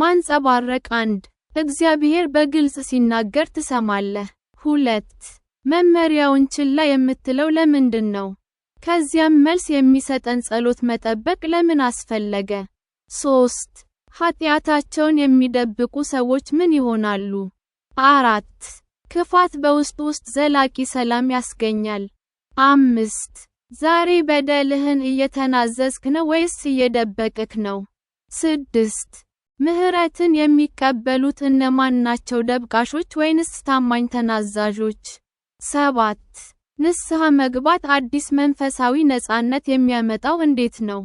ማንጸባረቅ አንድ እግዚአብሔር በግልጽ ሲናገር ትሰማለህ። ሁለት መመሪያውን ችላ የምትለው ለምንድን ነው? ከዚያም መልስ የሚሰጠን ጸሎት መጠበቅ ለምን አስፈለገ? ሶስት ኃጢአታቸውን የሚደብቁ ሰዎች ምን ይሆናሉ? አራት ክፋት በውስጥ ውስጥ ዘላቂ ሰላም ያስገኛል። አምስት ዛሬ በደልህን እየተናዘዝክ ነው ወይስ እየደበቅክ ነው? ስድስት ምህረትን የሚቀበሉት እነማን ናቸው ደብቃሾች ወይንስ ታማኝ ተናዛዦች? ሰባት ንስሐ መግባት አዲስ መንፈሳዊ ነፃነት የሚያመጣው እንዴት ነው?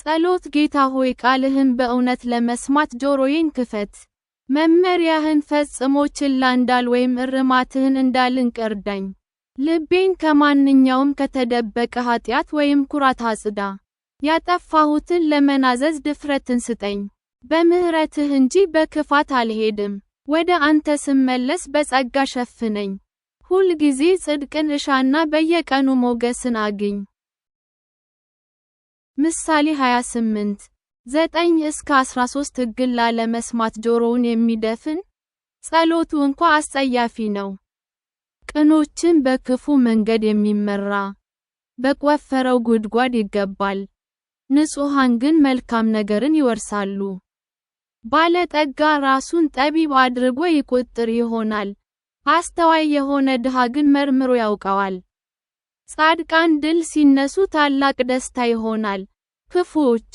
ጸሎት ጌታ ሆይ ቃልህን በእውነት ለመስማት ጆሮዬን ክፈት። መመሪያህን ፈጽሞ ችላ እንዳል ወይም እርማትህን እንዳልንቅ እርዳኝ። ልቤን ከማንኛውም ከተደበቀ ኃጢአት ወይም ኩራት አጽዳ። ያጠፋሁትን ለመናዘዝ ድፍረትን ስጠኝ። በምሕረትህ እንጂ በክፋት አልሄድም። ወደ አንተ ስመለስ በጸጋ ሸፍነኝ። ሁል ጊዜ ጽድቅን እሻና በየቀኑ ሞገስን አግኝ። ምሳሌ 28 ዘጠኝ እስከ 13 ሕግን ላለመስማት ጆሮውን የሚደፍን፣ ጸሎቱ እንኳ አስጸያፊ ነው። ቅኖችን በክፉ መንገድ የሚመራ፣ በቆፈረው ጉድጓድ ይገባል። ንጹሐን ግን መልካም ነገርን ይወርሳሉ። ባለጠጋ ራሱን ጠቢብ አድርጎ ይቆጥር ይሆናል፣ አስተዋይ የሆነ ድሃ ግን መርምሮ ያውቀዋል። ጻድቃን ድል ሲነሱ ታላቅ ደስታ ይሆናል፣ ክፉዎች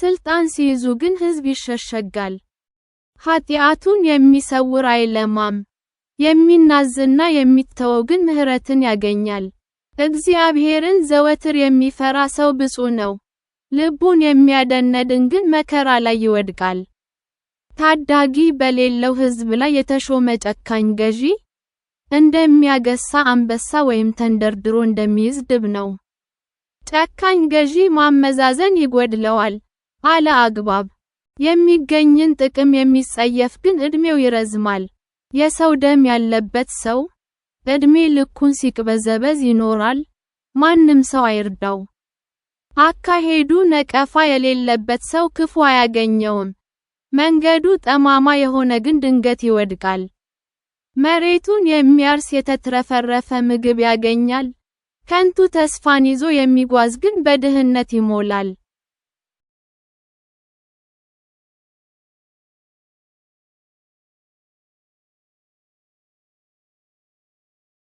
ስልጣን ሲይዙ ግን ሕዝብ ይሸሸጋል። ኃጢአቱን የሚሰውር አይለማም፣ የሚናዝና የሚተወው ግን ምሕረትን ያገኛል። እግዚአብሔርን ዘወትር የሚፈራ ሰው ብፁ ነው። ልቡን የሚያደነድን ግን መከራ ላይ ይወድቃል። ታዳጊ በሌለው ሕዝብ ላይ የተሾመ ጨካኝ ገዢ፣ እንደሚያገሳ አንበሳ ወይም ተንደርድሮ እንደሚይዝ ድብ ነው። ጨካኝ ገዢ ማመዛዘን ይጎድለዋል። አለ አግባብ የሚገኝን ጥቅም የሚጸየፍ ግን ዕድሜው ይረዝማል። የሰው ደም ያለበት ሰው ዕድሜ ልኩን ሲቅበዘበዝ ይኖራል፣ ማንም ሰው አይርዳው። አካሄዱ ነቀፋ የሌለበት ሰው ክፉ አያገኘውም። መንገዱ ጠማማ የሆነ ግን ድንገት ይወድቃል። መሬቱን የሚያርስ የተትረፈረፈ ምግብ ያገኛል። ከንቱ ተስፋን ይዞ የሚጓዝ ግን በድህነት ይሞላል።